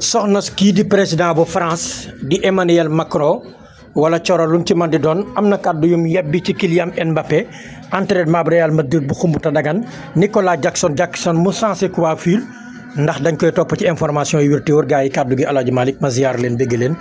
soxna kii di président bu France di Emmanuel Macron wala coro lu ci mën di doon am na kàddu yum yebbi ci Kylian Mbappé entraînement bu Real Madrid bu xumbuta dagan Nicolas Jackson Jackson mu sensé coiffure ndax dañ koy topp ci information yu wér te wër gaa yi kàddu gi Alaaji Malick ma ziar leen bégg leen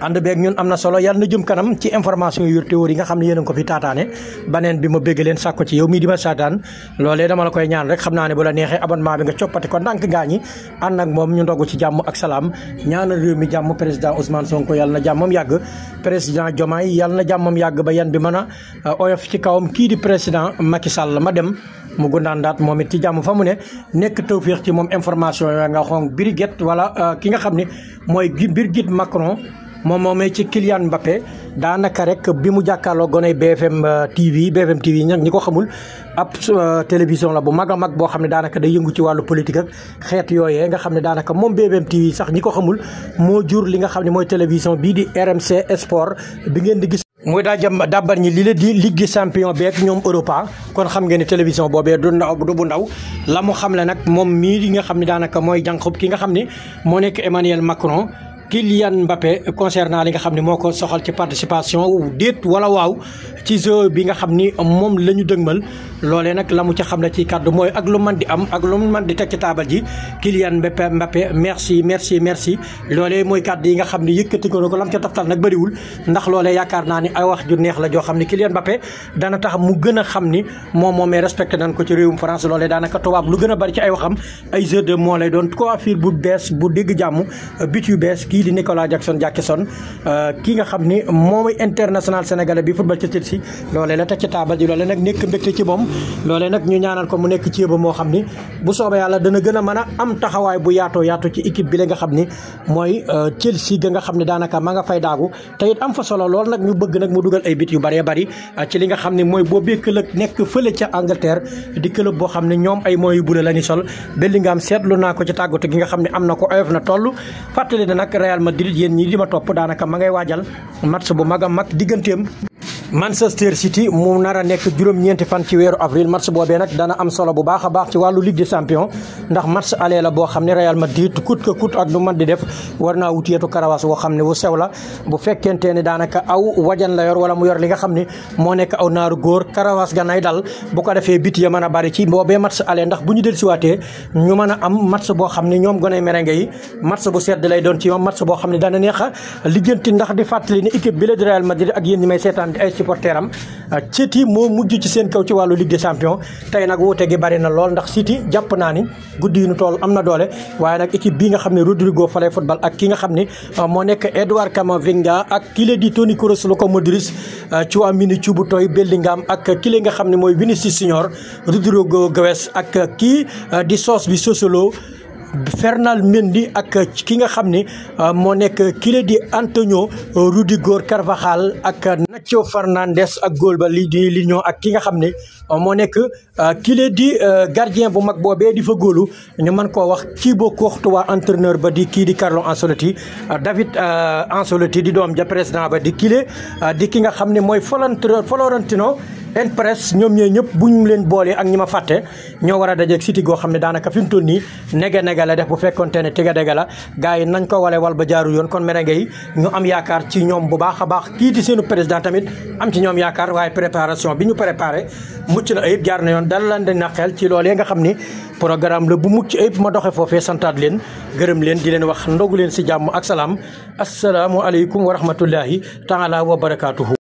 ànd beeg ñun am na solo yàlla na jëm kanam ci information yu wér te wër yi nga xam ne yéen ko fi taataane baneen bi ma bégg leen sàkko ci yow mii di ma saataan loolee dama la koy ñaan rek xam naa ne bu la neexee abonnement bi nga coppati ko ndànk gaa ñi ànd ak moom ñu ndogu ci jàmm ak salaam ñaanal réew mi jàmm président Ousmane Sonko yàlla na jàmmam yàgg président Diomaye yàlla na jàmmam yàgg ba yan bi mën a euh, oyof ci kawam kii di président Macky Sall ma dem mu gundaandaat moom it ci jàmm fa mu ne nekk tawféex ci moom information yooyu nga xon Birigette wala euh, ki nga xam ne mooy Birigit Macron moom moomee ci Kylian Mbappé daanaka rek bi mu jàkkaarloo goney BFM euh, TV BFM TV nag ñi ko xamul ab euh, télévision la bu mag a mag boo xam ne daanaka day yëngu ci wàllu politique ak xeet yooyee nga xam ne daanaka moom BFM TV sax ñi ko xamul moo jur li nga xam ne mooy télévision bii di RMC Sport bi ngeen di gis. mooy daa jëm dàbbar ñi li la di ligue des champions ñoom Europa kon xam ngeen ne télévision boobee du ndaw du bu ndaw la mu xam le nag moom mii li nga xam ne daanaka mooy jànqub ki nga xam ne moo nekk Emmanuel Macron Kylian Mbappé concernant li nga xam ne moo ko soxal ci participation wala waaw ci jeu bi nga xam ni moom la ñu dëgmal loolee nag la mu ca xam ne ci kàddu mooy ak lu mën di am ak lu mën di teg ci taabal ji Kylian Mbappé Mbappé merci merci merci loolee mooy kàddu yi nga xam ne yëkkati ko la mu ca taftal nag bëriwul ndax loolee yaakaar naa ni ay wax ju neex la joo xam ne Kylian Mbappé dana tax mu gën a xam ni moom moomee respecté nañ ko ci réewum France loolee daanaka tubaab lu gën a bari ci ay waxam ay jeu de moo lay doon coiffure bu bees bu dégg jàmm but yu bees kii kii di Nicolas Jackson Jackson euh, kii nga xam ni mooy international sénégalais bi football ci Chelsea loolee la teg ci taabal ji loolee nag nekk mbégte ci moom loolee nag ñu ñaanal ko mu nekk ci yëba moo xam ni bu soobee yàlla dana gën a mën a am taxawaay bu yaatoo yaatu ci équipe bi la nga xam ni mooy euh, Chelsea ga nga xam ne daanaka ma nga fay daagu te am fa solo lool nag ñu bëgg nag mu dugal ay bit yu bëree bëri euh, ci li nga xam ne mooy boo bee club nekk fële ca Angleterre di club boo xam ne ñoom ay mooy yu bula la ñu sol Bellingham seetlu naa ko ci tàggatu gi nga xam ne am na ko oyof na toll fàttali na nag Real Madrid yéen ñii di ma topp daanaka ma ngay waajal match bu mag a mag digganteem Manchester City mu nar a nekk juróom-ñeenti fan ci weeru avril match boobee nag dana am solo bu baax a baax ci wàllu Ligue des Champions ndax match aller la boo xam ne Real Madrid coûte que coûte ak nu man di def war naa wut yeetu woo xam ne wu sew la bu fekkente ne daanaka aw wajan la yor mu yor li nga xam ne moo nekk aw naaru góor karawaas ganay dal bu ko defee bit ya mën a bari ci boobee match aller ndax bu ñu dellusiwaatee ñu mën a am match boo xam ne ñoom goney merengue yi match sedd lay doon ci ñoom match boo xam ne dana neex a ndax di fàttali ne équipe bi la di Real Madrid ak yéen may seetaan supporter am euh, City moo mujj ci seen kaw ci wàllu Ligue des champions tey nag wuute gi bari na lool ndax siti jàpp naa ni guddi yu tool am na doole waaye nag équipe bi nga xam ne Rodrigo fa lay football ak ki nga xam ne euh, moo nekk Edouard Camavinga ak kii la di Toni Kroos Luka Modric euh, Tchouaméni Choupo-Moting Bellingham ak kile la nga xam ni mooy Vinicius Junior Rodrigo Goes ak kii di soos bi Sosolo Fernand Mendy ak ki nga xam ni euh, moo nekk kile di Antonio euh, Rudiger Carvajal ak Nacho Fernandes ak góol ba li di Lyon ak ki nga xam ne euh, moo nekk kile di gardien bu mag boobee di fa góolu ñu mën koo wax kii boo Courtois entraîneur ba di kii di Carlo Ancelotti David Ancelotti di doom ja président ba di kile di ki nga xam ne mooy folorantino en presse ñoom ñooy ñëpp bu ñu leen boolee ak ñi ma fàtte ñoo war a dajeeg siti goo xam ne daanaka fi mu toll nii nege nege la def bu fekkonte ne tiga dege la gars yi nañ ko wale wal ba jaaru yoon kon merengue yi ñu am yaakaar ci ñoom bu baax a baax kii di seenu président tamit am ci ñoom yaakaar waaye préparation bi ñu préparé mucc na ayib jaar na yoon dal la dañ na xel ci loolu nga xam ni programme la bu mucc ayib ma doxe foofee santaat leen gërëm leen di wax ndogu leen si jàmm ak salaam asalaamualeykum wa rahmatullahi taala wa barakaatuhu